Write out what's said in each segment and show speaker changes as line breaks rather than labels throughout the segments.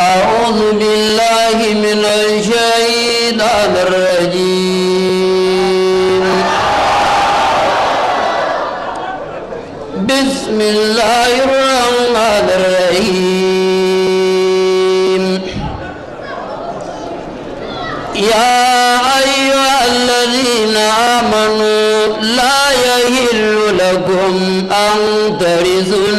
أعوذ بالله من الشيطان الرجيم بسم الله الرحمن الرحيم يا أيها الذين آمنوا لا يهل لكم أن ترثوا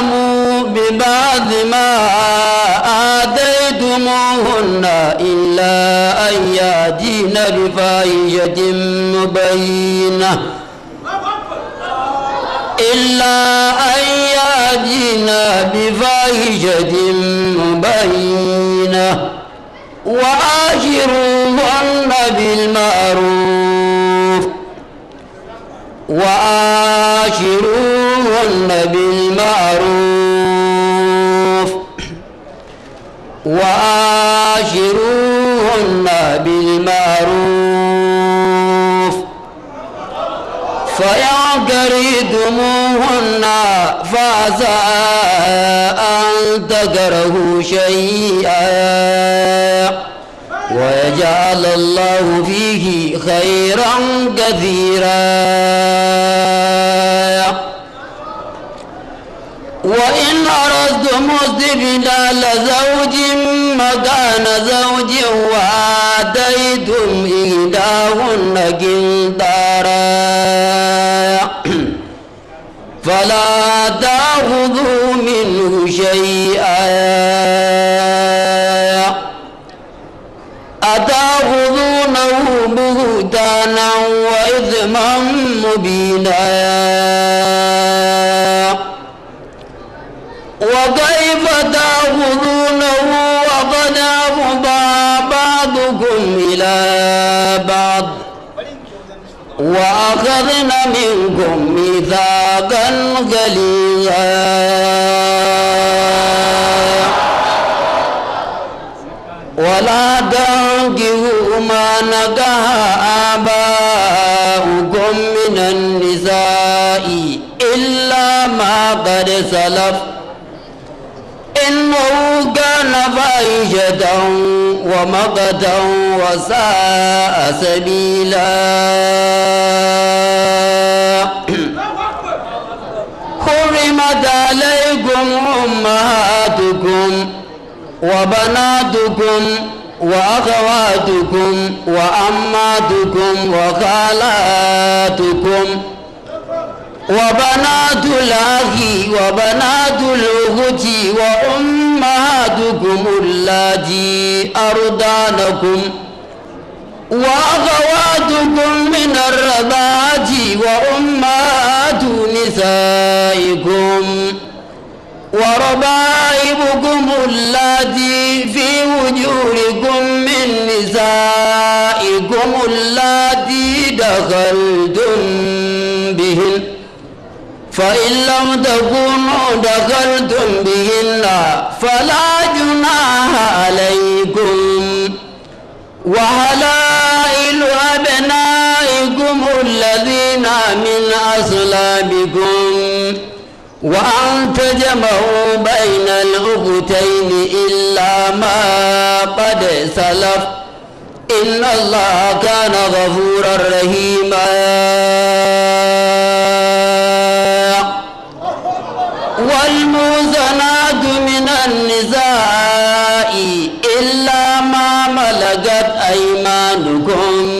أعلم ببعض ما آتيتموهن إلا أن يأتين بفاحشة مبينة إلا أن يأتين بفاحشة مبينة وآجروهن بالمعروف وآشروهن بالمعروف وآشروهن بالمعروف فإن كرهتموهن فعسى أن تكرهوا شيئا ويجعل الله فيه خيرا كثيرا وإن أردتم استبدال زوج مكان زوج وآتيتم إلهن قنطارا فلا تأخذوا منه شيئا بهتانا وإثما مبينا وكيف تأخذونه وقد أفضى بعضكم إلى بعض وأخذنا منكم ميثاقا غليظا ولا تنكروا ما نكح آباؤكم من النساء إلا ما قد سلف إنه كان فاحشة ومقتا وساء سبيلا حرمت عليكم أمهاتكم وبناتكم وأخواتكم وأماتكم وخالاتكم وبنات الأخ وبنات الأخت وأمهاتكم اللاتي أردانكم وأخواتكم من الرضاعة وأمهات نسائكم وربائبكم اللاتي في وجوهكم من نسائكم اللاتي دخلتم بهن فإن لم تكونوا دخلتم بهن فلا جناح عليكم وحلائل أبنائكم الذين من أصلابكم وأن تجمعوا بين الأبتين إلا ما قد سلف إن الله كان غفورا رحيما والموزنات من النساء إلا ما ملكت أيمانكم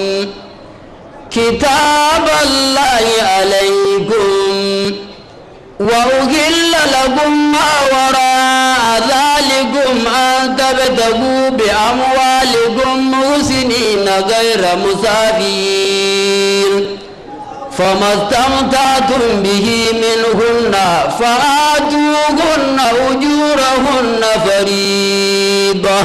كتاب الله عليكم وأغل لكم ما وراء ذلكم أن تبتغوا بأموالكم محسنين غير مسافرين فما استمتعتم به منهن فآتوهن أجورهن فريضة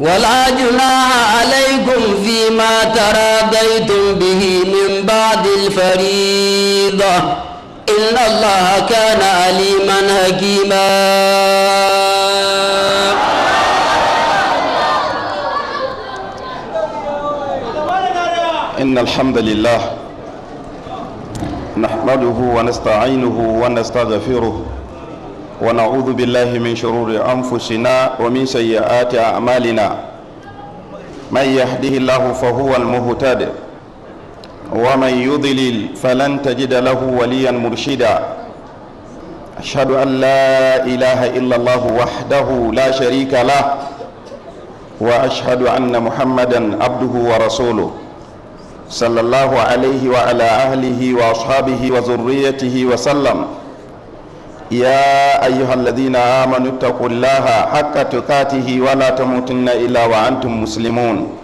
ولا جناح عليكم فيما تراضيتم به من بعد الفريضة إن الله كان عليما حكيما
إن الحمد لله نحمده ونستعينه ونستغفره ونعوذ بالله من شرور أنفسنا ومن سيئات أعمالنا من يهده الله فهو المهتد ومن يضلل فلن تجد له وليا مرشدا أشهد أن لا إله إلا الله وحده لا شريك له وأشهد أن محمدا عبده ورسوله صلى الله عليه وعلى أهله وأصحابه وذريته وسلم يا أيها الذين آمنوا اتقوا الله حق تقاته ولا تموتن إلا وأنتم مسلمون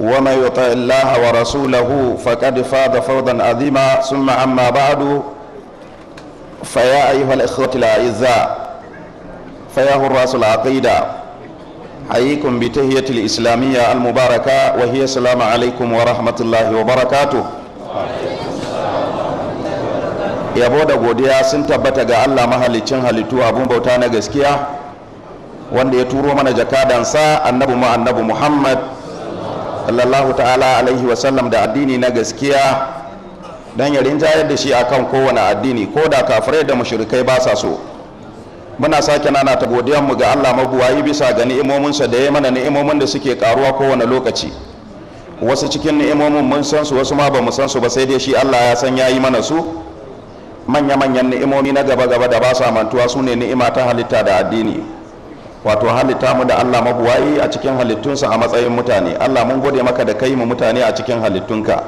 ومن يطع الله ورسوله فقد فاز فوزا عظيما ثم أما بعد فيا أيها الإخوة الأعزاء فيا حراس العقيدة حييكم بتهية الإسلامية المباركة وهي السلام عليكم ورحمة الله وبركاته yabo da godiya sun tabbata ga Allah mahalicin halittu abun bauta na gaskiya wanda ya turo mana jakadansa annabi mu annabi Muhammad sallallahu ta'ala alaihi wasallam da addini na gaskiya don yarin rinjayar da shi kan kowane addini ko da kafirai da mashirikai ba sa so muna sake nana ta mu ga Allah mabuwayi bisa ga ni'imominsa da ya mana ni'imomin da suke karuwa kowane lokaci wasu cikin ni'imomin mun san su wasu ma ba mu san su ba sai dai shi Allah ya san ya yi mana su manya-manyan ni'imomi na gaba-gaba da ba sa mantuwa su ne ni'ima ta halitta da addini wato halitta mu da Allah mabuwayi a cikin halittunsa a matsayin mutane Allah mun gode maka da kai mu mutane a cikin halittunka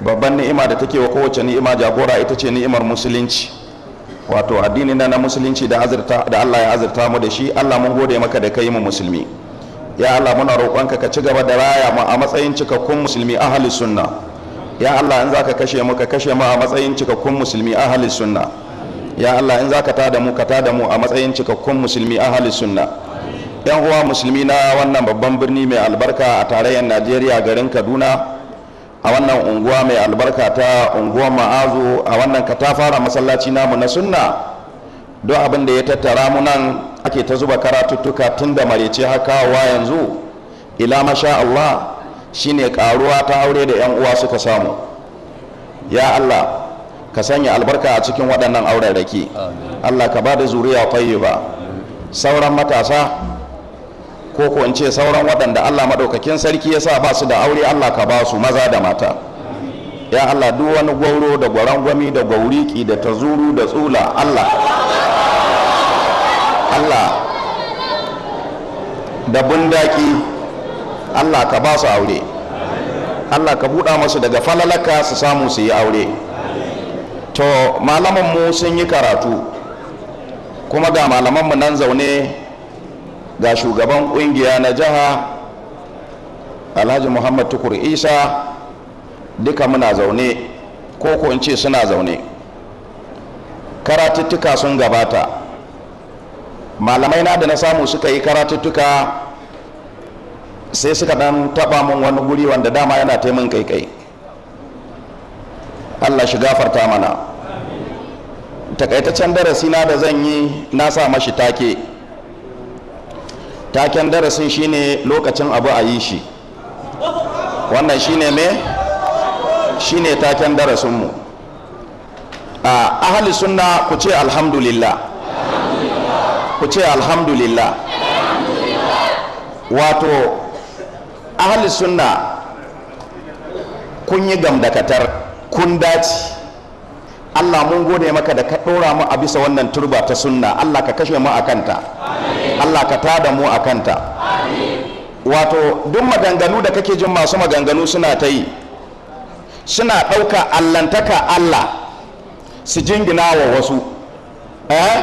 babban ni'ima da take wa kowace ni'ima jagora ita ce ni'imar musulunci wato addini na musulunci da azurta da Allah ya azurta mu da shi Allah mun gode maka da kai mu musulmi ya Allah muna roƙonka ka ci gaba da raya mu a matsayin cikakkun musulmi ahli sunna ya Allah in zaka kashe mu ka kashe mu a matsayin cikakkun musulmi ahli sunna ya Allah in za ka tada mu ka tada mu a matsayin cikakkun musulmi ahli sunna yan uwa musulmi na wannan babban birni mai albarka a tarayyar Najeriya garin Kaduna a wannan unguwa mai albarka ta unguwar ma'azu a wannan ka ta fara masallaci namu na sunna don abin da ya tattara mu nan ake ta zuba karatuttuka tun da marece haka wa yanzu ila masha Allah shine karuwa ta aure da yan uwa suka samu ya Allah ka sanya albarka a cikin waɗannan auraraki allah ka ba da zuriya ba sauran matasa ko ko in ce sauran waɗanda allah maɗaukakin sarki ya sa ba su da aure allah ka ba su maza da mata ya allah duk wani gwauro da gwami da gwauriki da tazuru da tsula allah allah da bundaki allah ka ba su aure allah ka buɗa masu daga falalaka su samu su yi aure to malaman mu sun yi karatu kuma ga mu nan zaune ga shugaban kungiya na jiha alhaji muhammad tukur isa duka muna zaune ko ko in ce suna zaune karatuttuka sun gabata malamai na da na samu suka yi karatuttuka sai suka dan taba mun wani guri wanda dama yana taimun kai allah shi gafarta mana takaitaccen darasi na da zan yi na sa mashi take taken darasin shine lokacin abu a yi shi wannan shine me shine taken darasinmu a ahali sunna ku ce alhamdulillah ku ce alhamdulillah wato ahali sunna kun yi gamdakatar kun dace Allah mun gode maka da ka ɗora mu a bisa wannan turba ta sunna Allah ka kashe mu a kanta Allah ka tada mu a kanta wato duk maganganu da kake jin masu maganganu suna ta yi suna ɗauka allantaka Allah su jingina wa wasu eh?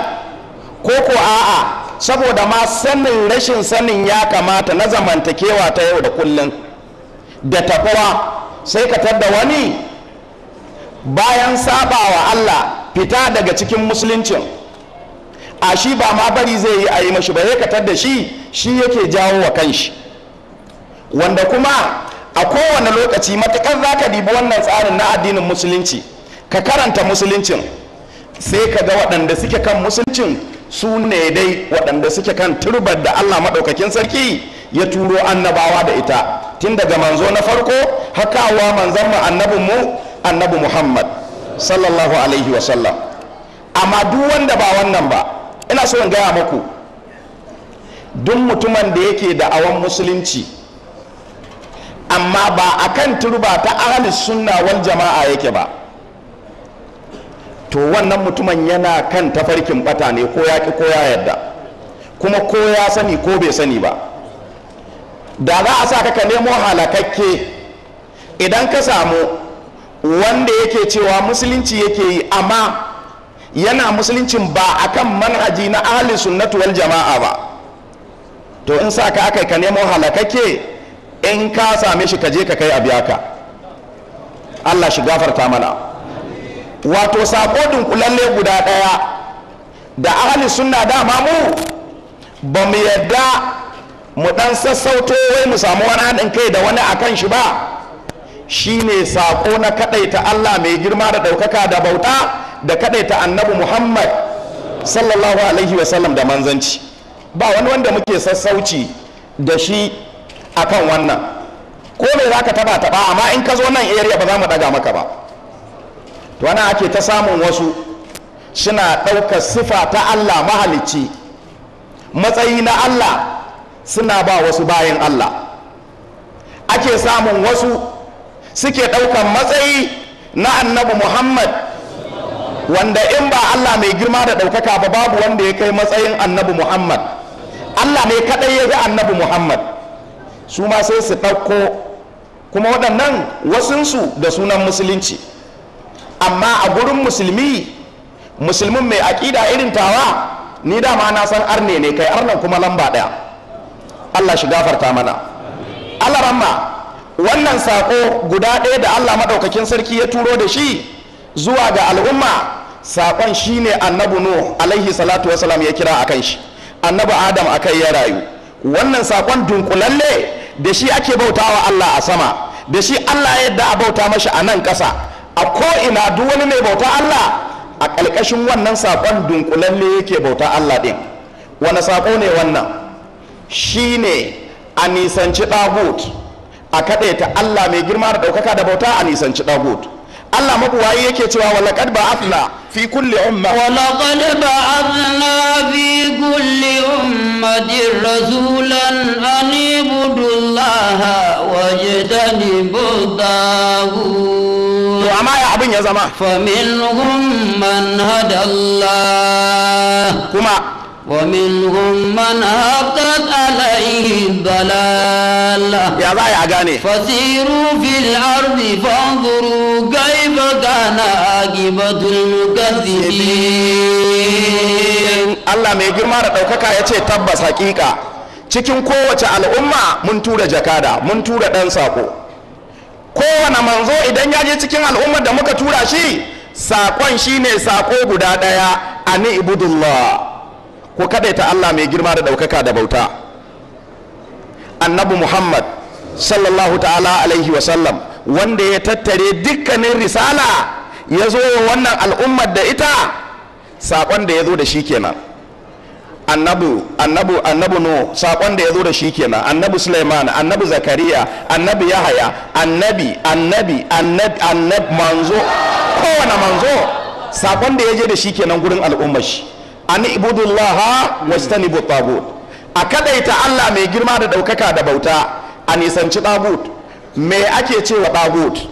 ko ko a'a saboda ma sanin rashin sanin ya kamata na zamantakewa ta yau da kullum da tafawa sai ka tadda wani bayan sabawa Allah fita daga cikin musuluncin a shi ba ma bari zai yi a yi mashi ba ya da shi shi yake jawo wa kanshi wanda kuma a kowane lokaci matuƙar za ka dibi wannan tsarin na addinin musulunci ka karanta musuluncin sai ka ga waɗanda suke kan musuluncin su ne dai waɗanda suke kan turbar da allah maɗaukakin sarki ya turo annabawa da ita tun daga manzo na farko hakawa manzon mu annabin mu annabi muhammad sallallahu alaihi wasallam amma duk wanda ba wannan ba ina so in gaya muku duk mutumin da yake da awan musulunci amma ba a kan turba ta ahalis sunna wal jama'a yake ba to wannan mutumin yana kan tafarkin bata ne ko ya ki ko ya yadda kuma ko ya sani ko bai sani ba da za a sa ka nemo halakakke idan ka samu wanda yake cewa musulunci yake yi amma yana musuluncin ba akan manhaji na ahli sunnatu wal jama'a ba to in sa ka aka ka nemo halakake in ka same shi ka je ka kai abiya ka Allah shi gafarta mana wato sako kulalle guda daya da ahli sunna dama mu ba mu yadda mu dan sassauto wai mu samu wani haɗin kai da wani akan shi ba Shi ne sako na ta Allah mai girma da ɗaukaka da bauta da ta annabi Muhammad sallallahu alaihi wasallam da manzanci ba wani wanda muke sassauci da shi akan wannan ko me za ka taba taba amma in ka zo nan area ba za mu daga maka ba to ana ake ta samun wasu suna ɗaukar sifa ta Allah mahalicci matsayi na Allah suna ba wasu bayan Allah ake samun wasu suke ɗaukan matsayi na annabi muhammad wanda in ba allah mai girma da ɗaukaka ba babu wanda ya kai matsayin annabi muhammad allah ne kaɗai ya fi annabi muhammad su ma sai su ɗauko kuma waɗannan wasunsu da sunan musulunci amma a gurin musulmi musulmin mai aƙida irin tawa ni dama na san arne ne kai arnan kuma lamba ɗaya allah shi gafarta mana allah ramma wannan saƙo guda ɗaya da Allah maɗaukakin sarki ya turo da shi zuwa ga al'umma sakon shine annabi nuh alaihi salatu wasalam ya kira akan shi annabu adam a kai ya rayu wannan saƙon dunkulalle da shi ake bautawa Allah a sama da shi Allah ya yadda a bauta mashi a nan ƙasa a ko'ina duk wani mai bauta Allah a ƙarƙashin wannan sakon dunkulalle yake bauta Allah ɗin wani sako ne wannan shi ne a nisanci ɗagut a ta Allah mai girma da ɗaukaka da bauta a nisanci ɗagut
Allah mabuwayi yake cewa walaƙad ba afna fi kulli umma walaƙad ba afna fi kulli ummatin rasulan an ta wajtanibu dagut to amma ya abin ya zama faminhum man hadallah kuma ومنهم من هبطت عليه الضلالة يا بايا غاني فسيروا في الأرض فانظروا كيف كان عاقبة المكذبين
الله mai girma da ɗaukaka ya ce tabbas hakika cikin kowace al'umma mun tura jakada mun tura ɗan sako kowane manzo idan ya je cikin al'ummar da muka tura shi sakon shine sako guda ɗaya ani ibudullah ko ta Allah mai girma da ɗaukaka da bauta annabi muhammad sallallahu ta'ala alaihi sallam wanda ya tattare dukkanin risala ya zo wa wannan al'ummar da ita saƙon da ya zo da shi kenan annabu annabu annabu no saƙon da ya zo da shi kenan annabu suleiman annabu zakariya annabi yahaya annabi annabi annabi annabi manzo kowane manzo saƙon da ya je da shi kenan gurin al'ummar shi an ibudullaha wastanibu tagut a kadaita Allah mai girma da daukaka da bauta a nisanci tagut me ake cewa tagut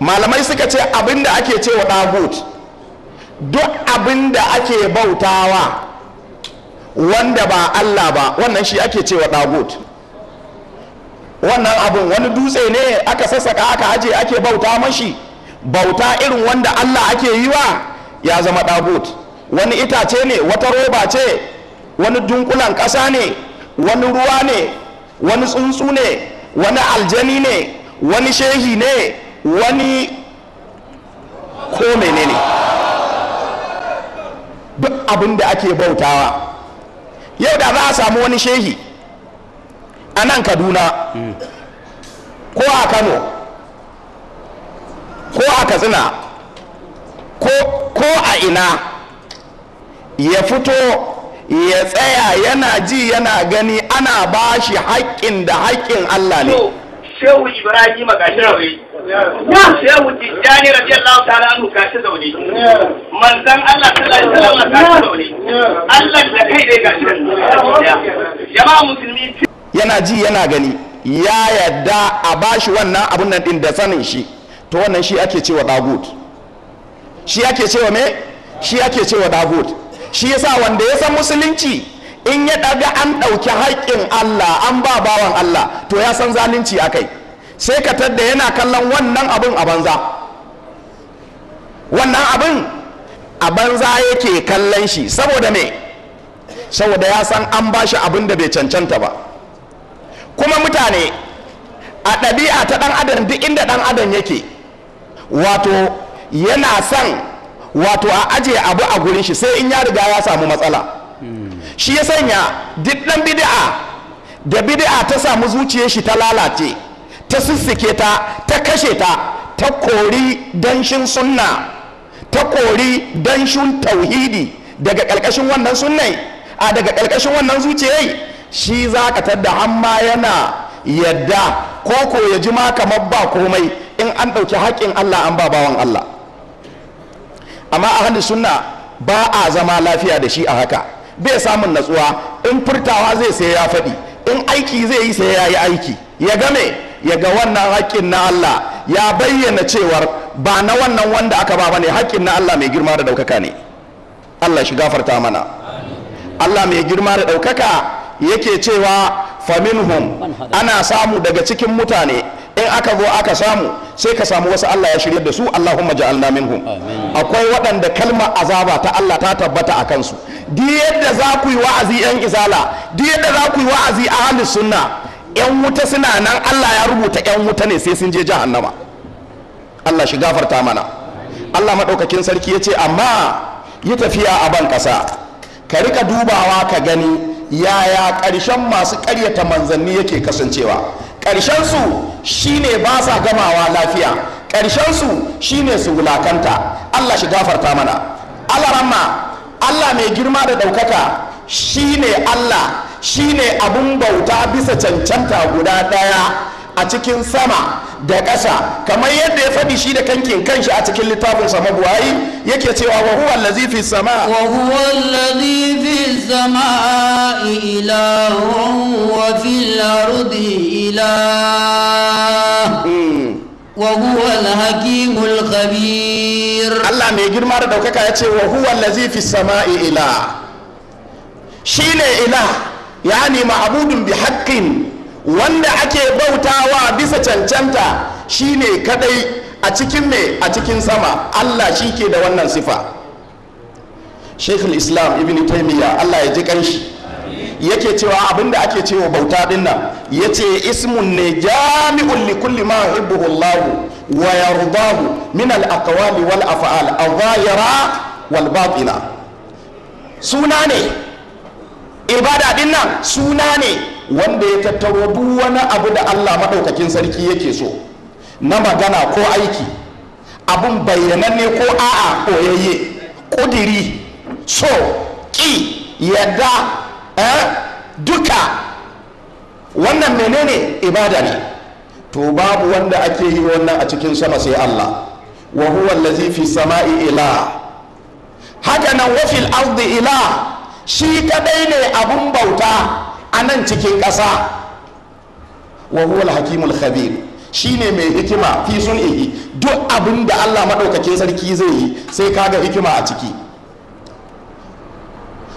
malamai suka ce abinda ake cewa tagut duk abinda ake bautawa wanda ba Allah ba wannan shi ake cewa tagut wannan abun wani dutse ne aka sassaka aka aje ake bauta mashi bauta irin wanda Allah ake yi wa ya zama tagut wani itace ne wata roba ce wani dunkulan ƙasa ne wani ruwa ne wani tsuntsu ne wani aljani ne wani shehi ne wani ko ne. duk abin da ake bautawa yau da za a samu wani shehi a nan kaduna ko a kano ko a katsina ko a ina ya fito ya tsaya yana ji yana gani ana ba shi
haƙƙin da haƙƙin Allah ne shehu ibrahim yana
ji yana gani ya yadda a bashi wannan abun nan din da sanin shi to wannan shi ake cewa dagut shi ake cewa me shi ake cewa shi yasa wanda ya san musulunci in ya daga an ɗauki haƙƙin Allah an ba bawan Allah to ya san zalunci a kai sai ka tadda yana kallon wannan abin a banza wannan abin a banza yake kallon shi saboda me saboda ya san an ba shi abin da bai cancanta ba kuma mutane a ɗabi'a ta ɗan adam duk inda ɗan adam yake wato yana son wato a aje abu a gurin shi sai in ya riga ya samu matsala shi ya sanya duk dan bid'a da bid'a ta samu zuciyar shi ta lalace ta sissike ta ta kashe ta ta kori danshin sunna ta kori danshin tauhidi daga ƙarƙashin wannan sunnai a daga ƙarƙashin wannan zuciyai shi za ka tadda amma yana yadda ko ko ya ji ma kamar ba komai in an ɗauki haƙƙin Allah an ba bawan Allah amma a ahli sunna ba a zama lafiya da shi a haka bai samun natsuwa in furtawa zai sai ya faɗi in aiki zai yi sai ya yi aiki ya game ya ga wannan haƙƙin na Allah ya bayyana cewar ba na wannan wanda aka ba bane haƙƙin na Allah mai girma da ɗaukaka ne Allah shi gafarta mana Allah mai girma da ɗaukaka yake cewa faminhum ana samu daga cikin mutane in aka zo aka samu sai ka samu wasu Allah ya shirya da su Allahumma ja'alna minhum akwai waɗanda kalma azaba ta Allah ta tabbata a kansu Di yadda za ku yi wa'azi yan izala di yadda za ku yi wa'azi a ahlus sunna yan wuta suna nan Allah ya rubuta yan wuta ne sai sun je jahannama Allah shi gafarta mana Allah madaukakin sarki ya ce amma yi tafiya a ban ƙasa ka rika dubawa ka gani yaya ƙarshen masu ƙaryata manzanni yake kasancewa ƙarshensu shine ba sa gamawa lafiya ƙarshensu shine su wulakanta allah shi gafarta mana allah ramma allah mai girma da ɗaukaka shine allah shine abun bauta bisa cancanta guda ɗaya a cikin sama da ƙasa kamar yadda ya faɗi shi da kankin kanshi a cikin littafin sama buwayi yake cewa wa huwa allazi fi sama wa huwa
allazi fi sama'i ilahun wa fil ardi ilah hmm. wa huwa al-hakimul khabir Allah mai girma da daukaka ya ce wa huwa allazi fi sama'i
ilah shine ilah yani ma'budun bi haqqin wanda ake bautawa bisa cancanta shine kadai a cikin mai a cikin sama Allah shi ke da wannan sifa Sheikh Islam Ibn Taymiyyah Allah ya ji kanshi yake cewa abinda ake cewa bauta din nan yace ismun ne jami'un li kulli ma yuhibbuhu Allah wa yardahu min al-aqwali wal af'al adh-dhahira wal batina suna ne ibada din nan suna ne wanda ya tattaro duk wani abu da Allah maɗaukakin sarki yake so na magana ko aiki abun bayyananne ko a'a ko yayye ƙudiri so ƙi yadda eh, duka wannan menene ibada ne to babu wanda ake yi wannan a cikin sama sai Allah wa huwa allazi fi sama'i ila haka nan wa fil ardi ila shi kadai ne abun bauta a nan cikin ƙasa wa huwa al-hakimul khabir shine mai hikima fi sun'ihi duk abin da Allah madaukakin sarki zai yi sai kaga hikima a ciki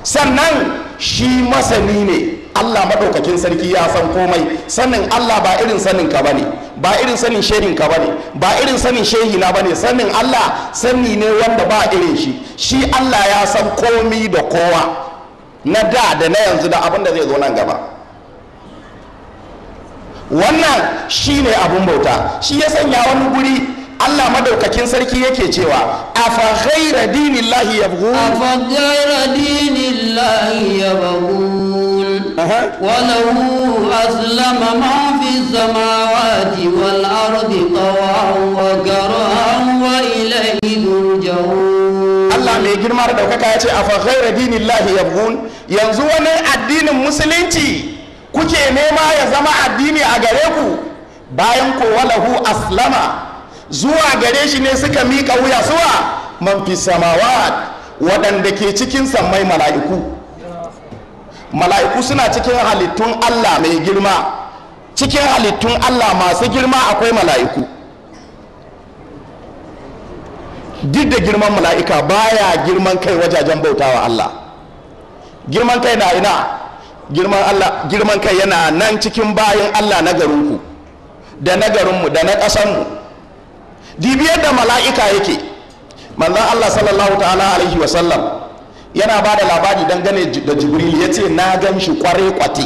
sannan shi masani ne Allah madaukakin sarki ya san komai sanin Allah ba irin sanin ka bane ba irin sanin shehin ka bane ba irin sanin shehi na bane sanin Allah sani ne wanda ba irin shi shi Allah ya san komi da kowa na da da na yanzu da abin da zai zo nan gaba wannan shi ne abin bauta shi ya sanya wani guri Allah madaukakin
sarki yake
cewa afa ghaira
dinillahi bugu. afa ghaira dinillahi yabghun wa lahu aslama ma fi samawati wal ardi tawwa wa karaha mai girma da ɗaukaka ya ce a faghai
dinin lahi yanzu wani addinin musulunci kuke nema ya zama addini a gare ku bayan ko walahu aslama zuwa gare shi ne suka mika wuya suwa man fi samawa waɗanda ke cikin sammai mala'iku mala'iku suna cikin halittun allah mai girma cikin halittun allah masu girma akwai mala'iku duk da girman mala'ika baya girman kai wajajen bautawa Allah girman kai na ina girman Allah girman kai yana nan cikin bayan Allah na garinku da na garinmu da na ƙasanmu dibiyar da mala'ika yake manzon Allah sallallahu ta'ala alaihi wa sallam yana ba da labari dangane da jibril ya ce na gan shi kware kwate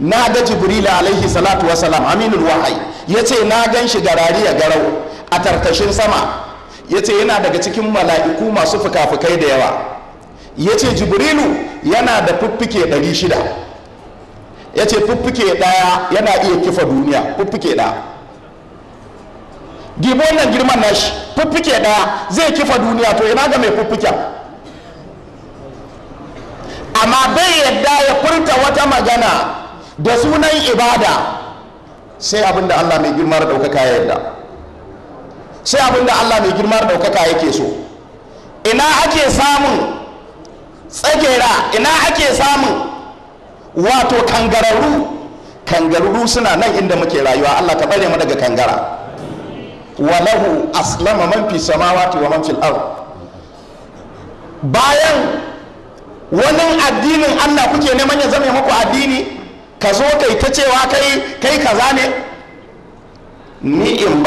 na ga jibril alaihi salatu wa salam aminul wahai ya ce na gan shi garari garau a tartashin sama ya ce yana daga cikin mala'iku masu fukafukai da yawa ya ce jibrilu yana da fuffuke 600 ya ce fuffuke ɗaya yana iya kifa duniya fuffuke ɗaya gibo wannan girman nashi fuffuke ɗaya zai kifa duniya to ina ga mai fuffuken amma bai yadda ya furta wata magana da sunan ibada sai abinda Allah mai girma da daukaka ya yadda sai abin da Allah mai girma ɗaukaka yake so ina ake samun tsagera ina ake samun wato kangararru kangararru suna nan inda muke rayuwa Allah ka bare mu daga kangara walahu aslama man fi samawati wa man fil ard bayan wani addinin Allah kuke neman ya zame muku addini ka zo kai ta cewa kai kai kaza ne ni in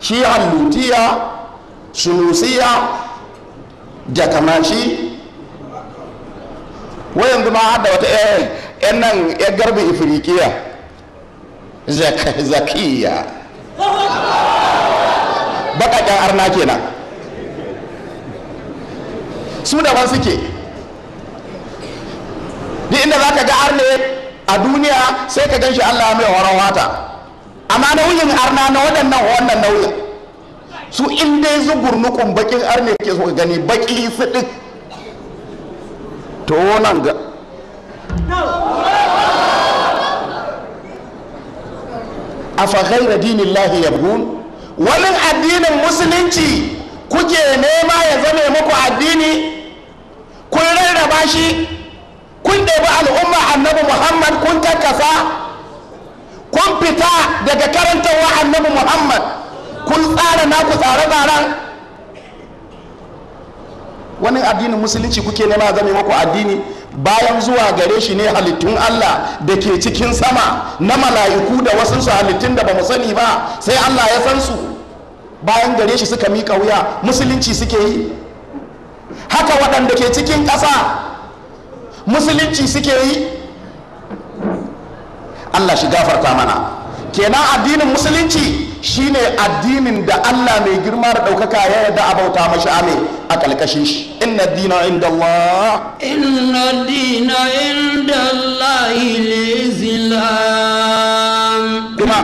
shi lutiya sunusiya jakamashi wai yanzu hada wata yan nan ya garbi ifirikiya zakiya bakakken arna kenan su daban suke duk inda za ka ga arne a duniya
sai ka gan shi allah mai horon wata amma nauyin arna na waɗannan wannan nauyin
su in dai zugurnukun bakin arne ke so gani baki fiɗi to nan ga a afa ghaira dinillahi bugu wani addinin musulunci
kuke nema ya zame muku
addini kun rarraba shi kun ɗebi al'umma annabi muhammad kun karkasa kun fita daga karantarwa annabi muhammad kun tsara naku tsare-tsaren wani addinin musulunci kuke nema zame maku addini bayan zuwa gare shi ne halittun Allah da ke cikin sama na mala'iku da wasu su halittun da ba mu sani ba sai Allah ya san su bayan gare shi suka mika wuya musulunci suke yi haka waɗanda ke cikin ƙasa musulunci suke yi Allah shi gafarta mana kenan addinin musulunci shine addinin da Allah mai girma da ɗaukaka ya yarda a bauta mashi ame a kalkashin shi inna dina inda Allah
inna dina inda Allah islam kuma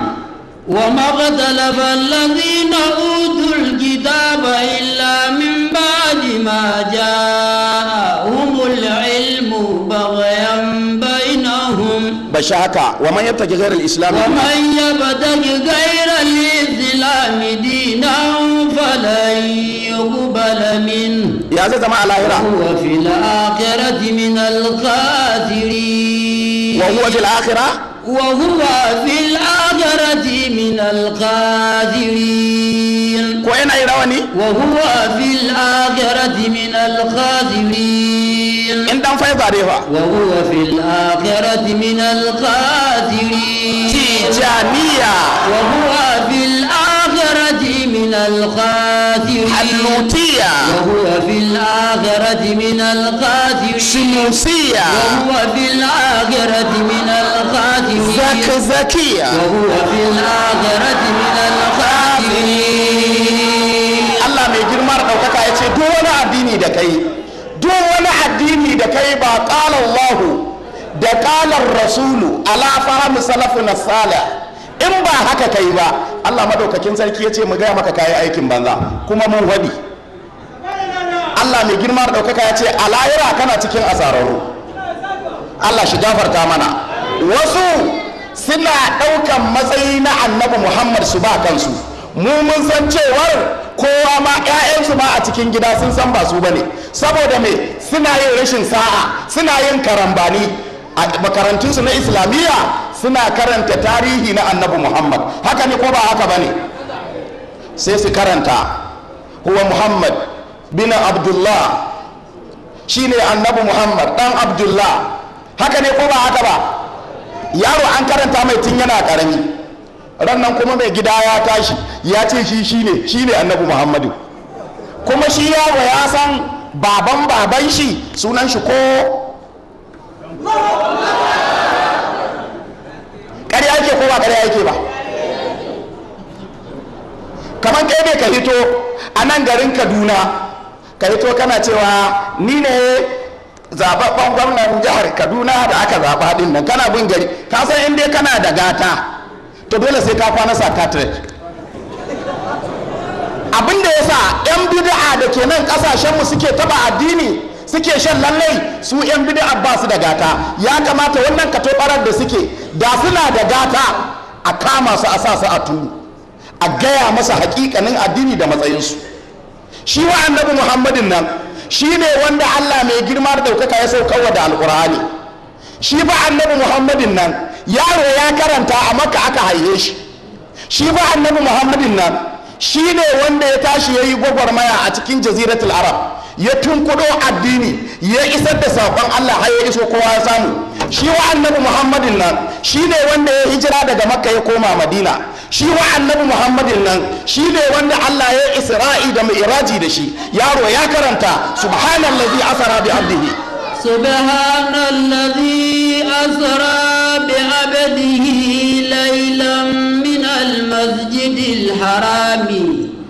wa ma qatalafa alladhina utul kitaba illa min ba'di ma jaa
يشاء هكا ومن يبتغ غير الاسلام ومن
يبتغ غير الاسلام دينا فلن يقبل منه يا زيد على الاخرة وهو في الاخرة من الخاسرين وهو في الاخرة وهو في الاخرة من الخاسرين اي رواني وهو في الآخرة من الخاسرين إن دام فايز عليها وهو في الآخرة من الخاسرين تجانية وهو في الآخرة من الخاسرين حلوتية وهو في الآخرة من الخاسرين شموسية وهو في الآخرة من الخاسرين زك زكية وهو في الآخرة من الخاسرين
ce duk wani addini da kai duk wani addini da kai ba kala Allah da kalar Rasulu ala fahmi na salih in ba haka kai ba Allah madaukakin sarki ya ce mu gaya maka kayi aikin banza kuma mun wadi Allah mai girma da ɗaukaka ya ce a kana cikin asararru Allah shi gafarta mana wasu suna ɗaukan matsayi na annabi Muhammad su ba kansu mu mun san cewar kowa ma 'ya'yansu ma a cikin gida sun san ba su bane saboda me suna yin rashin sa'a suna yin karambani a makarantunsu na islamiyya suna karanta tarihi na annabi muhammad haka ne ko ba haka bane sai su karanta huwa muhammad bin abdullah shine annabi muhammad dan abdullah haka ne ko ba haka ba yaro an karanta mai tun yana karami rannan kuma mai gida ya tashi ya ce shi shine shine annabi muhammadu kuma shi yaro ya san baban baban shi sunan shi ko
ƙarya yake ko ba ƙarya yake ba
kamar kai mai ka hito a nan garin kaduna ka hito kana cewa ni ne zababban gwamnan jihar kaduna da aka zaba din nan kana bin gari ka san in dai kana da gata to dole sai ka kwana sakatare abin da ya sa 'yan bid'a da ke nan mu suke taba addini suke shan lallai su 'yan bid'a ba su da gata ya kamata wannan katobarar da suke da suna da gata a kama su a sa su a tulu a gaya masa hakikanin addini da matsayinsu shi wa annabi muhammadin nan shi ne wanda allah mai girma da ɗaukaka ya saukarwa da alkur'ani shi ba annabi muhammadin nan yaro ya karanta a maka aka haife shi shi ba annabi muhammadin nan shi ne wanda ya tashi ya yi gwagwarmaya a cikin jaziratul arab ya tunkudo addini ya isar da saƙon allah har ya iso kowa ya samu shi wa annabi muhammadin nan shi ne wanda ya hijira daga makka ya koma madina shi wa annabi muhammadin nan shi ne wanda allah ya isra'i da mai iraji da shi yaro ya karanta subhanallazi asara
bi abdihi سبحان الذي أسرى بعبده ليلا من المسجد الحرام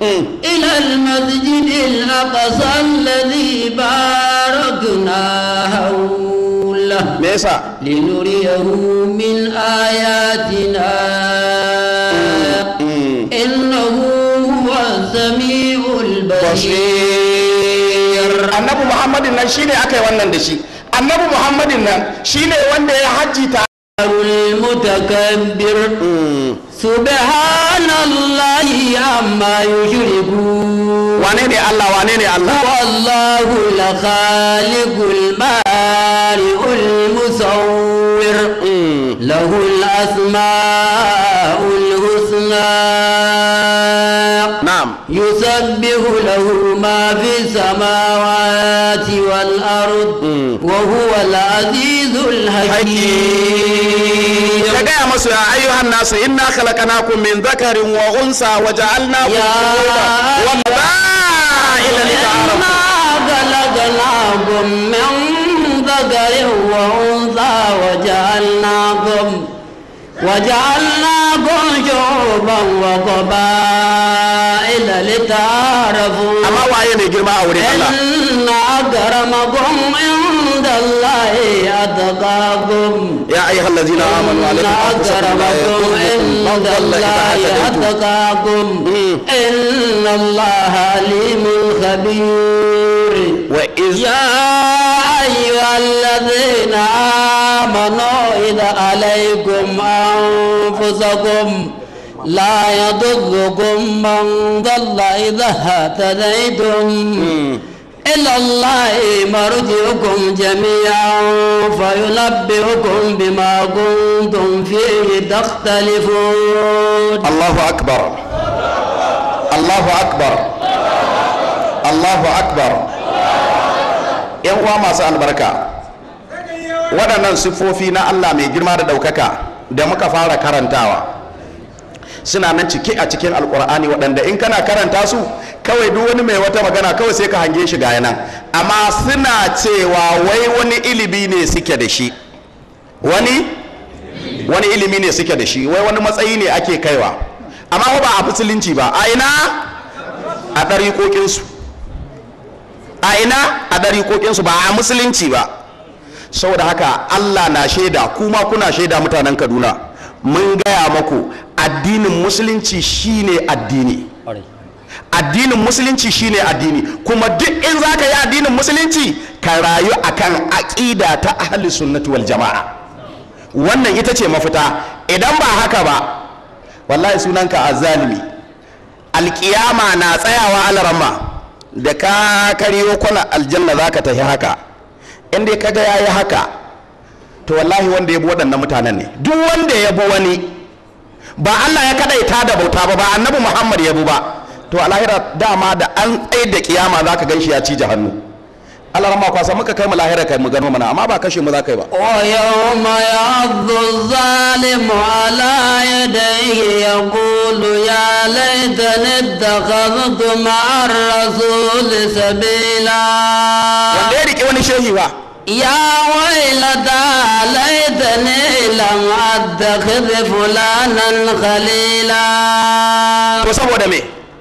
إيه. إلى المسجد الأقصى الذي باركنا حوله لنريه من آياتنا إيه. إنه هو السميع البصير annabi muhammadin nan
shine aka yi wannan da shi annabi muhammadin nan shine wanda ya hajji ta المتكبر
سبحان الله عما يشركون وانين الله وانين الله والله لخالق البارئ المصور له الأسماء يسبح له ما في السماوات والأرض وهو العزيز الحكيم يا مسو يا أيها الناس
إنا خلقناكم من ذكر وأنثى وجعلناكم يا
لتعارفوا خلقناكم من ذكر وأنثى وجعلناكم وجعلناكم شعوبا وقبائل لتعرفوا أما وعي نجرم أولي إن أكرمكم عند الله أتقاكم
يا أيها الذين آمنوا
عليكم إن أكرمكم عند الله أتقاكم إن الله عليم خبير وإذ يا أيها الذين آمنوا إذا عليكم أنفسكم لا يضركم من ضل إذا اهتديتم إلى الله مرجعكم جميعا فينبئكم بما كنتم فيه تختلفون الله أكبر
الله أكبر الله أكبر ‘yan uwa masu albarka waɗannan siffofi na Allah mai girma da ɗaukaka da muka fara karantawa suna nan cike a cikin alkur'ani waɗanda in kana karanta su kawai duk wani mai wata magana kawai sai ka hange shi ga nan amma suna cewa wai wani ilimi ne suke da shi wani wani ilimi ne suke da shi wai wani matsayi ne ake kaiwa amma ba a musulunci ba a ina a ɗariƙoƙinsu a ina a ɗariƙoƙinsu ba a musulunci ba saboda haka allah na shaida kuma kuna shaida mutanen kaduna mun gaya maku addinin musulunci shine addini addinin musulunci shine addini kuma duk in za yi addinin musulunci ka rayu akan aƙida ta ahli sunnati wal jama'a wannan ita ce mafita idan ba haka ba wallahi sunanka azzalimi alƙiyama na tsayawa alarama da ka karyo kwana aljanna za ka tafi haka inda ka ga ya yi haka to wallahi wanda ya bi waɗannan mutanen ne duk wanda ya bi wani ba Allah ya kaɗa kadaita da bauta ba ba annabi Muhammad ya bu ba to a lahira dama da an tsaye da kiyama za ka ganshi ya ci hannu Allah rama kwasa muka kai mu lahira kai mu gano mana amma ba kashe mu za ka ba o
yawma yadhu zalim ala yadayhi yaqulu ya laitani ittakhadhtu ma'ar rasul sabila wanda ya rike wani shehi ba يا ويلتى ليتني لم اتخذ فلانا خليلا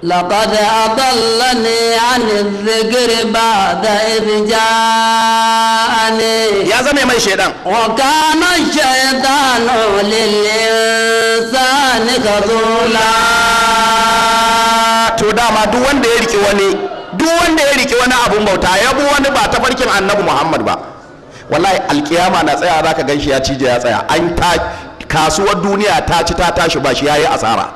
لقد اضلني عن الذكر بعد اذ جاءني وكان الشيطان للانسان خذولا
to dama duk wanda wani abun bauta ya bi wani ba ta farkin annabi muhammad ba wallahi alkiyama na tsaya za ka ganshi ya cije ya tsaya an ta kasuwar duniya ta ci ta tashi ba shi ya yi asara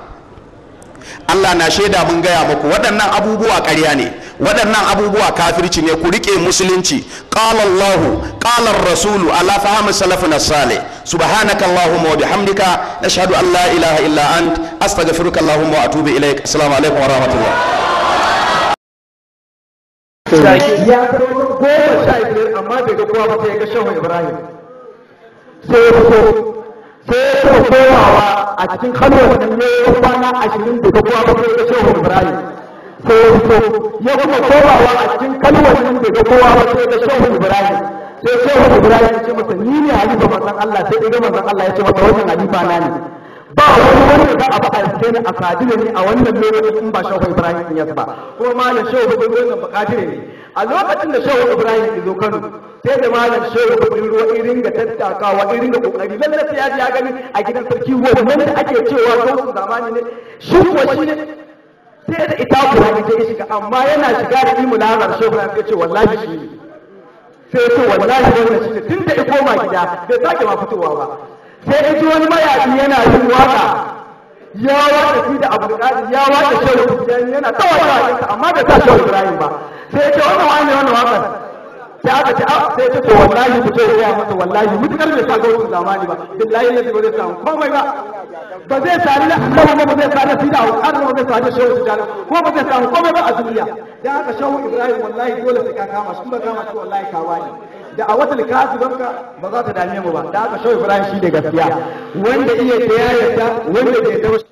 allah na shaida mun gaya muku waɗannan abubuwa ƙarya ne waɗannan abubuwa kafirci ne ku rike musulunci qala allah qala rasulu ala fahmi salafun salih subhanaka allahumma wa bihamdika nashhadu an la ilaha illa ant astaghfiruka allahumma wa atubu ilaik assalamu alaikum wa rahmatullah
ya kai
goma sha biyar amma bai ga kowa ba sai ga shehu ibrahim sai ya fito sai ya fito kowawa a cikin kano wannan ya yi kwana ashirin bai ga kowa ba sai ga shehu ibrahim sai ya fito ya kuma kowawa a cikin kano wannan bai ga kowa ba sai ga shehu ibrahim sai shehu ibrahim ya ce masa ni ne halifa manzon allah sai ya ga manzon allah ya ce masa wannan halifa na ne ba wani wanda za a faɗa ba a a Sadiya ne a wannan lokacin ba shahu ibrahim ya ba kuma malam shehu bugun wannan ba kadire ne a lokacin da shehu ibrahim ya zo kano sai da malam shehu bugun ruwa irin ga tattakawa irin ga kokari lalle sai ya ji ya gani a gidan sarki wannan da ake cewa gausu zamani ne shi kuwa shi ne sai da ita kuwa ya shiga amma yana shiga da imu lazar shehu ya ce wallahi shi ne sai ya ce wallahi wannan shi ne tun da ya koma gida bai sake ma fitowa ba sai ya ji wani mayaƙi yana yin waƙa ya wata fi da abu da ya wata shehu tijjani yana ta wata amma bai sa wani ibrahim ba sai ya ce wani wani wani waƙar sai aka ce ah sai ya ce wallahi ku ce ya gaya masa wallahi mutukar bai sa wasu zamani ba billahi na ba zai samu komai ba ba zai sari na annabi ba zai sari fi da abdulkadir ba zai sari su jana ko ba zai samu komai ba a duniya dan aka shehu ibrahim wallahi dole sai ka kama shi kuma kama shi wallahi kawai da a watan kasuwanka ba za ta dame mu ba da aka shawai fara shi da gaskiya wanda iya ta yarda wanda bai yarda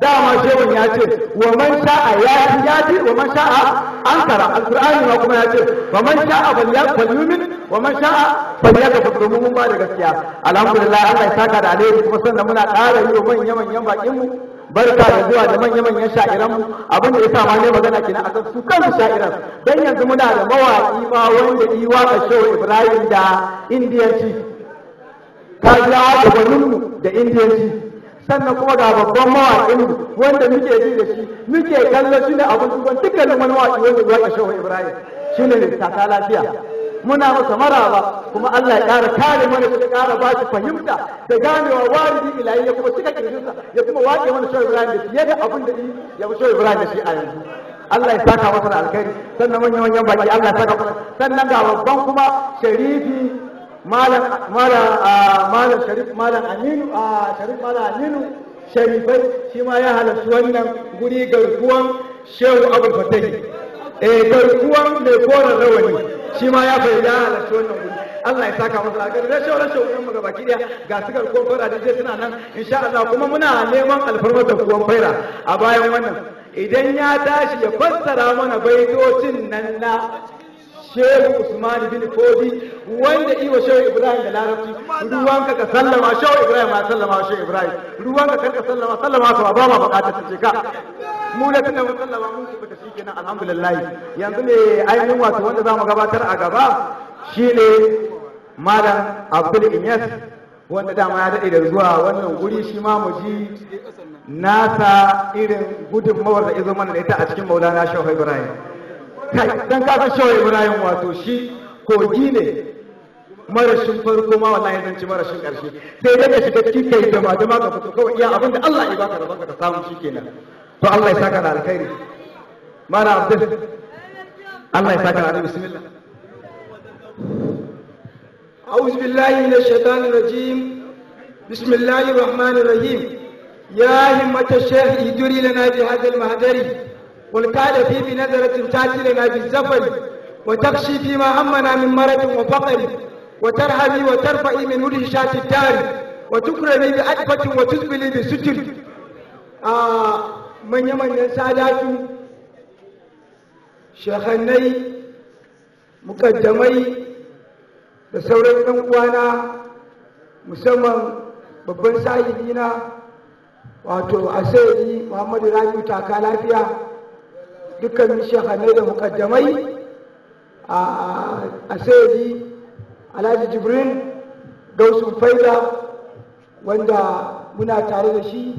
dama shehun ya ce wa man sha'a ya ya yati wa man sha'a an ankara alqur'ani ma kuma ya ce wa man sha'a falyakul yumin wa man sha'a falyakfur domin mun ba da gaskiya alhamdulillah Allah ya saka da alheri kuma sannan muna ƙara yi wa manyan manyan bakin mu barka da zuwa da manya-manyan sha'iranmu abinda ya sa ma ne magana a kan su kansu sha'iran don yanzu muna da mawaƙi ma wanda yi waka shawar ibrahim da indiyanci ta ji da gwaninmu da indiyanci sannan kuma ga babban mawaƙin wanda muke ji da shi muke kallon shi ne abin dukkanin wani mawaƙi wanda zuwa shawar ibrahim shi ne ta lafiya muna masa maraba kuma Allah ya ƙara kare mana ya ƙara ba shi fahimta da ganewa walidi ilahi ya kuma cika kirjinsa ya kuma waƙe mana shehu Ibrahim da fiye da abin da ya fi shehu Ibrahim da shi a yanzu Allah ya saka masa da alkhairi sannan manyan manyan baki Allah ya saka masa sannan ga babban kuma sharifi malam malam ah, malam sharif malam aminu ah, sharif malam aminu sharifai shi ma ya halarci wannan guri garkuwan shehu abul fatahi eh garkuwan mai koren rawani shi ma ya fahimta ya halarci wannan guri Allah ya saka masa alƙari da shawara shawaran mu gabaki daya ga su garkuwan fara da zai suna nan insha Allah kuma muna neman alfarmar da kuwan faira a bayan wannan idan ya tashi ya fassara mana baitocin nan na shehu usman bin fodi wanda iwa shehu ibrahim da larabci ruwanka ka sallama shehu ibrahim ma sallama shehu ibrahim ruwanka karka sallama sallama sa ba ma bukatar ce ka mu da tunda mun sallama mun ku ta shikenan alhamdulillah yanzu ne ainihin wato wanda zamu gabatar a gaba shine malam abdul inyas wanda dama ya daɗe da zuwa wannan guri shi ma mu ji nasa irin gudunmawar da izo mana da ita a cikin maulana shehu ibrahim kai dan ka san shawai ibrahim wato shi kogi ne marashin farko ma wallahi zan ci marashin karshe sai dai ka shiga ciki kai da madama ka fito kawai iya abinda Allah ya baka rabon ka samu shikenan to Allah ya saka da alkhairi mana abdul Allah ya saka da bismillah أعوذ بالله من الشيطان الرجيم بسم الله الرحمن الرحيم يا همة الشيخ اهدري لنا بهذا المهدري والكاد في في بنظرة في بالزفر وتقشي فيما أمنا من مرض وفقر وترهبي وترفعي من ولهشات الدار وتكرمي بأدفة وتزبلي بستر آه من يمن ينسادات شيخني مقدمي بسورة sauran مسمى uwana musamman babban sa'idina محمد رايو muhammadu dukkan shekhanai da mukaddamai a sayari alhaji jibrin gausun faida wanda muna tare da shi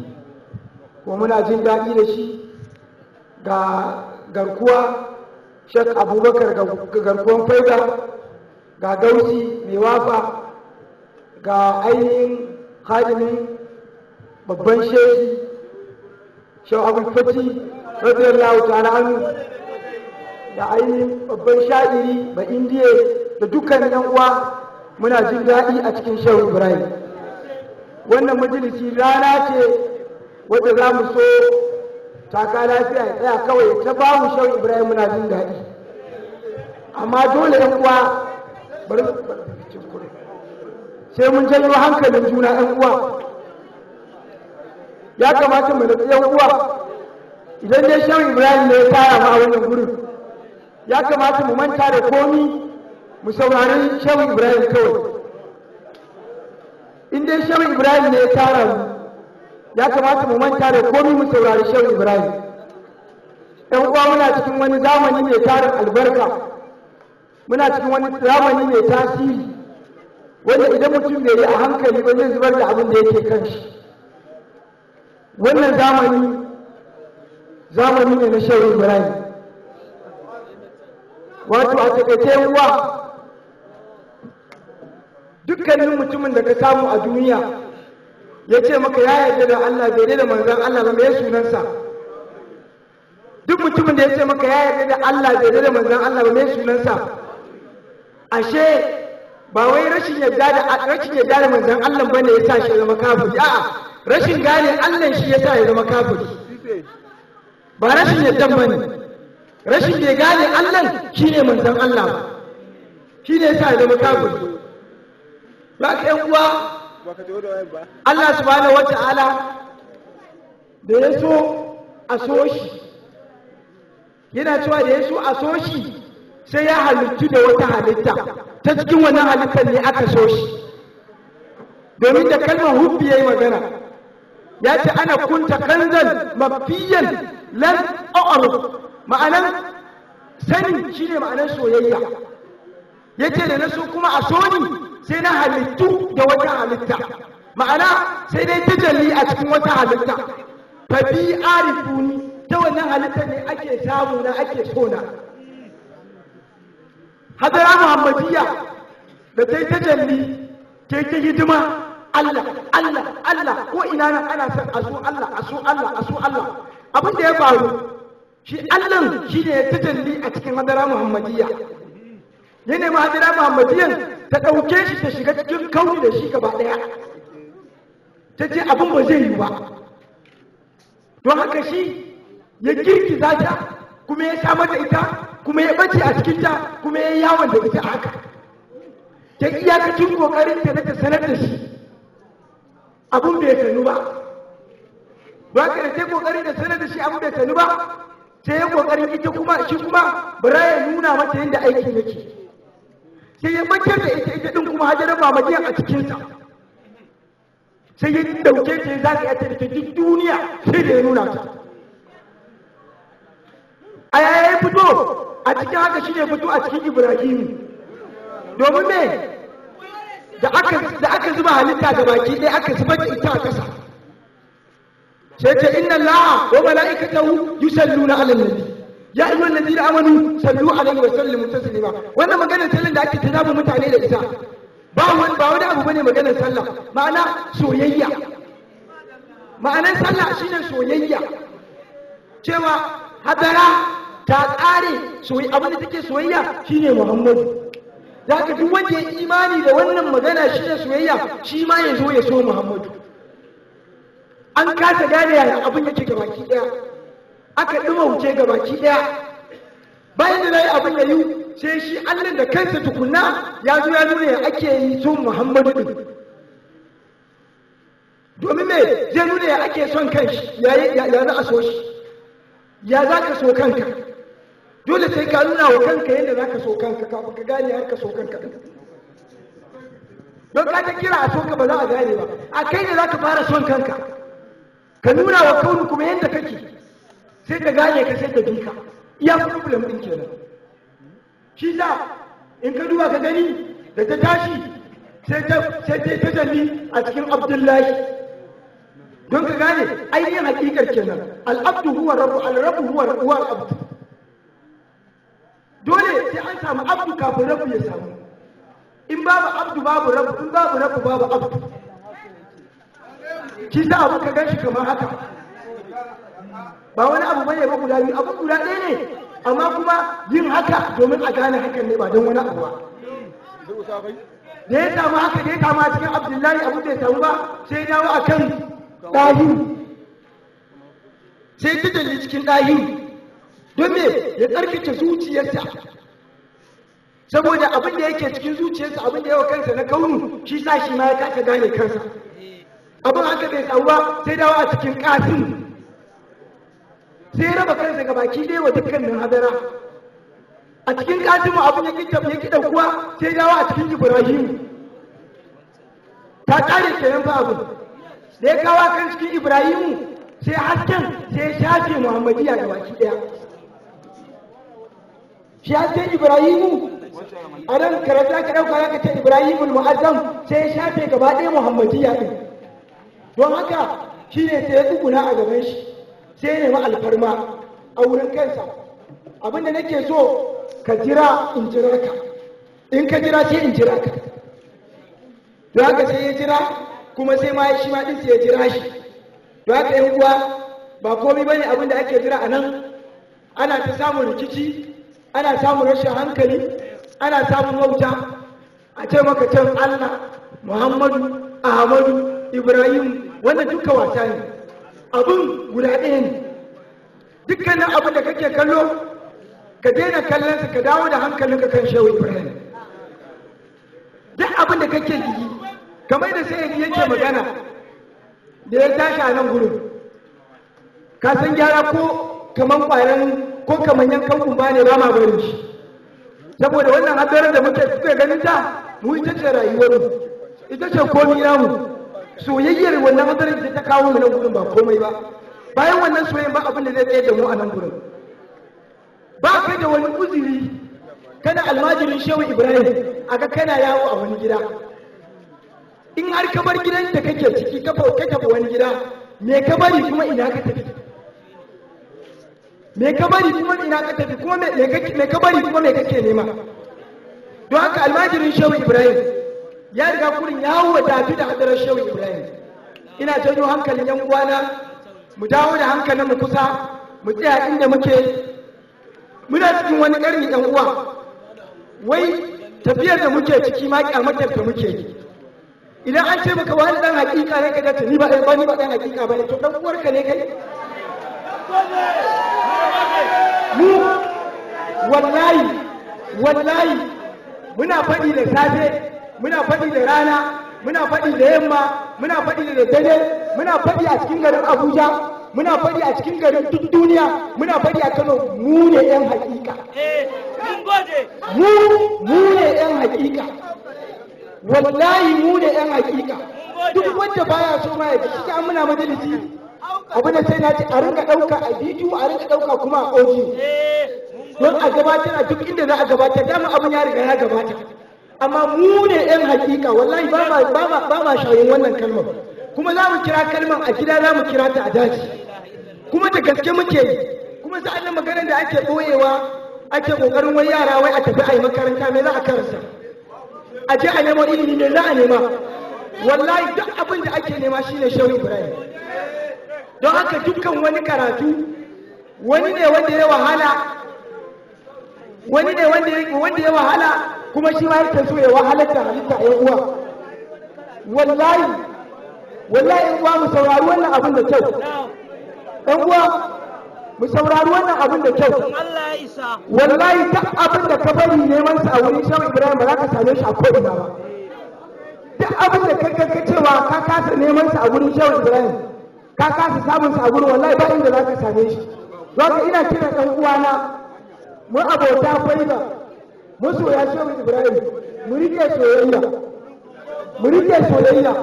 kuma muna jin daɗi da shi ga garkuwa shek abubakar ga garkuwan faida ga gausi mai wafa ga ainihin hadimin babban shehi shau fati Allah ta'ala anhu da ainihin babban sha'iri ba indiya da dukkan yan uwa muna jin daɗi a cikin shehu ibrahim wannan majalisi rana ce wadda za mu so taka lafiya ya tsaya kawai ta ba mu shehu ibrahim muna jin daɗi amma dole yan uwa bari sai mun janyo hankalin juna yan uwa ya kamata mu nufi yan uwa idan dai shehu ibrahim ne ya fara ma a wannan gurin ya kamata mu manta da komi mu saurari shehu ibrahim kawai in dai shehu ibrahim ne ya tara mu ya kamata mu manta da komi mu saurari shehu ibrahim ɗan uwa muna cikin wani zamani mai tarin albarka muna cikin wani zamani mai tasiri wanda idan mutum bai yi a hankali ba zai zubar da abin da yake kan shi wannan zamani zamani ne na shehu ibrahim wato a takaice uwa dukkanin mutumin da ka samu a duniya ya ce maka ya yarda da Allah bai da manzan Allah ba mai sunansa duk mutumin da ya ce maka ya yarda da Allah bai da manzan Allah ba mai sunansa ashe ba wai rashin yarda da rashin yarda da manzan Allah bane ya sa shi zama kafiri a'a rashin gane Allah shi ya sa ya zama kafiri ba rashin yadda ba ne rashin bai gane allah shi ne manzan allah ba shi ne yasa zama kafin ba ka yan uwa allah subhanahu wata ala da ya so a so shi yana cewa da ya so a so shi sai ya halittu da wata halitta ta cikin wannan halittar ne aka so shi domin da kalmar hubbi ya yi magana ya ce ana kunta kanzan mafiyan lan a'rif ma'anar sanin shine ma'anar soyayya yace da na so kuma a so ni sai na halittu da wata halitta ma'ana sai dai tajalli a cikin wata halitta fa bi arifuni ta wannan halitta ne ake samu na ake sona hadara muhammadiyya da ta yi tajalli ke ta hidima Allah Allah Allah ko ina nan ana son a so Allah a so Allah a so Allah abin da ya faru shi allan shi ne ya tajalli a cikin hadara muhammadiyya ya nemi hadara muhammadiyyan ta ɗauke shi ta shiga cikin kauni da shi gaba ɗaya ta ce abin ba zai yi ba don haka shi ya girki za ta kuma ya sha da ita kuma ya bace a cikin ta, kuma ya yawon da ita haka ta iyakacin kokarin ta da ta sanar da shi abin bai kanu ba don haka da ta kokari da sanar da shi abu bai sani ba sai ya kokarin ita kuma shi kuma bara ya nuna mata yadda aiki yake sai ya makar da ita ita din kuma ba mamajiyar a cikinsa sai ya dauke ta za ta yata da ta duk duniya sai da ya nuna ta a yaya ya fito a cikin haka shi ne fito a cikin ibrahim domin me da aka zuba halitta da baki ɗaya aka zuba ita a ƙasa sai ce inna allaha wa mala'ikatahu yusalluna ala nabi ya ayyuhan ladina amanu sallu alaihi wa sallimu taslima wannan maganar sallan da ake tunabu mutane da ita ba wani ba wani abu bane maganar sallah ma'ana soyayya ma'anar sallah shine soyayya cewa hadara ta tsare soyayya abin da take soyayya shine muhammadu da zaka duk wanda ya imani da wannan magana shine soyayya shi ma ya zo ya so muhammadu an kasa gane yaya abin yake ga baki daya aka dima wuce ga baki daya bayan da nayi abin da yi sai shi Allah da kansa tukunna ya zo ya nuna ya ake yi son Muhammadu din domin me zai nuna ya ake son kanshi ya ya za a so shi ya za ka so kanka dole sai ka nuna wa kanka yadda za ka so kanka kafin ka gane har ka so kanka don ka ta kira a so ka ba za a gane ba a kai da za ka fara son kanka ka nuna wa kauni kuma yadda kake sai ka gane ka sai ta iya ka iya problem ɗin kenan shi za in ka duba ka gani da ta tashi sai ta jalli a cikin abdullahi don ka gane ainihin hakikar kenan al'abdu huwa rabu al'abdu huwa huwa abdu dole sai an samu abdu kafin rabu ya samu in babu abdu babu rabu in babu rabu babu abdu shi sa abu ka gan shi kamar haka ba wani abu bane ba guda biyu abu guda ɗaya ne amma kuma yin haka domin a gane hakan ne ba don wani abu ba da ya samu haka da ya samu a cikin abdullahi abu da ya samu ba sai dawo a kan ɗahi sai didalli cikin ɗahi don me ya tsarkace zuciyarsa saboda abin da yake cikin zuciyarsa abin da yawa kansa na kaunu shi sa shi ma ya kasa gane kansa abin haka bai samu ba sai dawo a cikin ƙasin sai raba kansa ga baki dai wa dukkanin hadara a cikin ƙasimu abin ya kita ya kuwa sai dawo a cikin ibrahim ta ƙare ke fa abu da ya kawo kan cikin ibrahim sai hasken sai shafe muhammadiya da baki ɗaya shi hasken ibrahimu a nan karanta ka ɗauka ya ce ibrahimul mu'azzam sai shafe gaba ɗaya muhammadiya ɗin don haka shi ne sai ya tsuguna a gaban shi sai ya nemi a wurin kansa abinda nake so ka jira in jira ka in ka jira sai in jira ka don haka sai ya jira kuma sai ma shi ma din sai ya jira shi don haka yan uwa ba komai bane abin da ake jira a nan ana ta samun rikici ana samun rashin hankali ana samun wauta a ce maka can allah muhammadu ahmadu ibrahim wannan duka wasa ne abin guda ɗaya ne dukkanin abu da kake kallo ka daina kallonsa ka dawo da hankalin ka kan shehu ibrahim duk abin da kake jiki kamar da sai yake magana da ya tashi a nan gurin ka san gyara ko kamar ƙwayan ko kamar yankan kumba ne ba ma barin shi saboda wannan hadarar da muke suke ganin ta mu ita ce rayuwar mu ita ce komi namu soyayyar wannan hadarin da ta kawo mu nan gurin ba komai ba bayan wannan soyayyar ba abin da zai tsaye da mu a nan gurin ba kai da wani uzuri kana almajirin shehu ibrahim a ga kana yawo a wani gida in har ka bar gidan da kake ciki ka ka tafi wani gida me ka bari kuma ina ka tafi me ka bari kuma ina ka tafi kuma me ka bari kuma me kake nema don haka almajirin shehu ibrahim ya riga kurin ya hawa dafi da hadarar shehu ibrahim ina janyo hankalin yan uwana mu dawo da hankalin mu kusa mu tsaya inda muke muna cikin wani ƙarni yan uwa wai tafiyar da muke ciki ma kyamatar da muke yi idan an ce maka wani dan hakika ne kaga ta ni ba ba ni ba dan hakika ba ne to dan uwarka ne kai mu wallahi wallahi muna faɗi da safe muna faɗi da rana muna faɗi da yamma muna faɗi da daddare muna faɗi a cikin garin abuja muna faɗi a cikin garin duk duniya muna faɗi a kano mu ne yan hakika eh, mu mu ne yan hakika wallahi mu ne yan hakika duk wanda baya so ma ya ci kika muna majalisi abu da sai na ce a rinka ɗauka a bidiyo a rinka ɗauka kuma a ƙoji. Eh, don a gabatar a duk inda za a gabatar dama abun ya riga ya gabata amma mu ne ɗan hakika wallahi ba ma shayin wannan kalmar kuma za mu kira kalmar a gida za mu kira ta a daji kuma da gaske muke yi kuma sa'an nan maganar da ake ɓoyewa ake ƙoƙarin wani yara wai a tafi a yi makaranta me za a karanta a je a nemo ilimi ne za a nema wallahi duk abin da ake nema shine shawin ibrahim don haka dukkan wani karatu wani ne wanda ya wahala wani ne wanda ya wahala kuma shi ma yake so ya wahalar halitta a uwa wallahi wallahi uwa mu saurari wannan abin da kyau ɗan uwa mu saurari wannan abin da kyau
wallahi duk abin da ka bari
neman sa a wurin shan ibrahim ba za ka same shi a ko'ina ba duk abin da ka ka cewa ka kasa neman sa a wurin shan ibrahim ka kasa samun sa a wurin wallahi ba inda za ka same shi za ina kira ɗan uwana mu abota kwaiba musu ya shehu ibrahim mu rike soyayya murike soyayya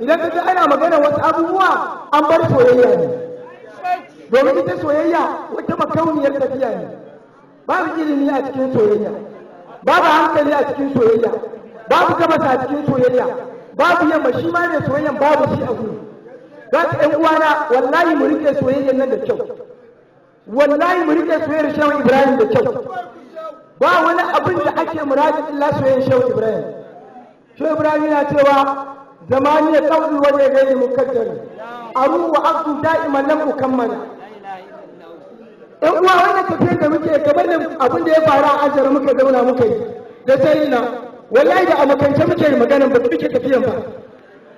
idan ka ana magana wasu abubuwa an bar soyayya ne domin ita soyayya wata makauniyar tafiya ne babu ilimi a cikin soyayya babu hankali a cikin soyayya babu gabata a cikin soyayya babu yamma shi ma ne soyayyan babu shi a gudu za ka ɗan uwana wallahi murike rike soyayyan nan da kyau wallahi mu rike soyayyar shehu ibrahim da kyau ba wani abin da ake muradi illa soyayyen shehu ibrahim shehu ibrahim yana cewa zamani ya kauri wajen mu mukaddari aru wa abdu da'iman lam ukammala ɗan uwa wannan tafiyar da muke kamar da abin da ya faru a azhar muka zauna muka yi da sai na wallahi da amakance muke yi maganan ba muke tafiyan ba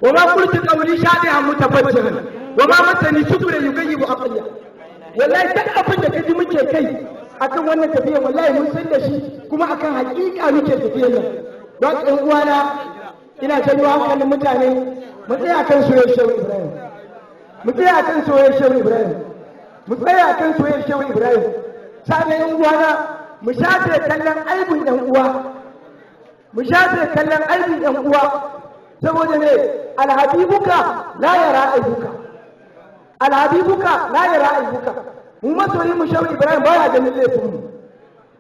wa ma qultu qawli shadihan mutafajjihan wa ma matani shukran yugayyibu aqliya wallahi duk abin da kaji muke kai akan wannan tafiyar wallahi mun san da shi kuma akan hakika muke tafiyar nan don ɗan uwana ina janyo hankalin mutane mu tsaya kan soyayyar shehu ibrahim mu tsaya akan soyayyar shehu ibrahim mu tsaya akan soyayyar shehu ibrahim sabe yan uwana mu shafe kallon aibin ɗan uwa mu shafe kallon aibin ɗan uwa saboda ne alhabibuka la yara aibuka alhabibuka la yara aibuka mu masoyin mu shehu ibrahim baya ganin laifin mu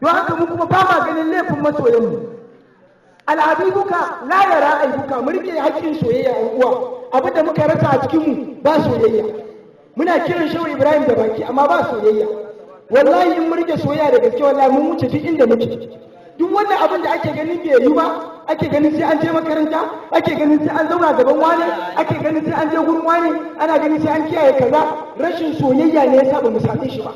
don haka mu kuma ba ma ganin laifin masoyin mu al'abibuka la yara aibuka mu rike haƙƙin soyayya a uwa abin da muka rasa a cikin mu ba soyayya muna kiran shehu ibrahim da baki amma ba soyayya wallahi in mu rike soyayya da gaske wallahi mun wuce duk inda muke duk wannan abin da ake ganin bai yi ba ake ganin sai an je makaranta ake ganin sai an zauna gaban wani ake ganin sai an je gurin wani ana ganin sai an kiyaye kaza rashin soyayya ne sa ba mu same shi ba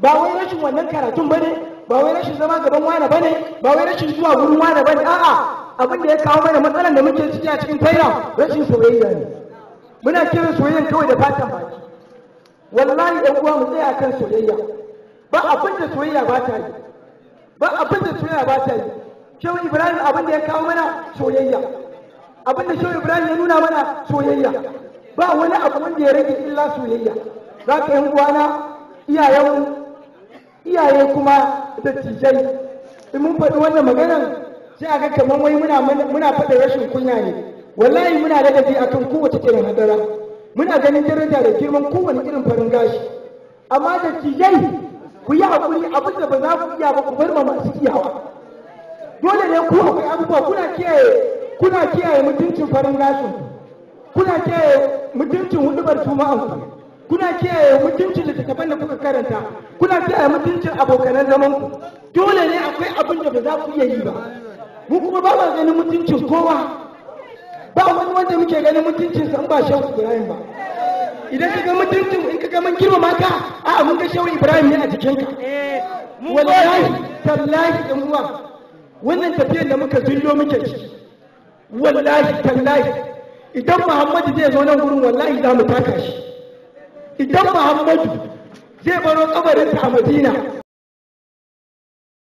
ba wai rashin wannan karatun bane ba wai rashin zama gaban wani bane ba wai rashin zuwa gurin wani bane a'a abin da ya kawo mana matsalar da muke ciki a cikin faira rashin soyayya ne muna kiran soyayyan kawai da fatan baki wallahi ɗan uwa mu tsaya kan soyayya ba abin da soyayya ba ta yi ba abin da soyayya ba ta yi shehu ibrahim abin da ya kawo mana soyayya abin da shehu ibrahim ya nuna mana soyayya ba wani abu wanda ya rage illa soyayya za ka yi uwana iyayen iyaye kuma da dattijai in mun faɗi wannan maganar sai a kamar wai muna muna faɗa rashin kunya ne wallahi muna a akan kowace irin hadara muna ganin daraja da girman kowane irin farin gashi amma da dattijai ku yi haƙuri abin da ba za ku iya ba ku bar ma masu iyawa dole ne ku akwai abubuwa kuna kiyaye kuna kiyaye mutuncin farin gashin kuna kiyaye mutuncin hudubar juma'an ku kuna kiyaye mutuncin littattafan da kuka karanta kuna kiyaye mutuncin abokanan zaman ku dole ne akwai abin da ba za ku iya yi ba mu kuma ba ma ganin mutuncin kowa ba wani wanda muke ganin mutuncinsa in ba shan Ibrahim ba idan ka ga mutuncin in ka ga mun girmama a mun ga shehu ibrahim ne a jikinka eh, wallahi tallahi dan uwa wannan tafiyar da muka zullo muke ci wallahi tallahi idan muhammadu zai zo nan gurin wallahi za mu taka shi idan muhammadu zai baro kabarinsa a madina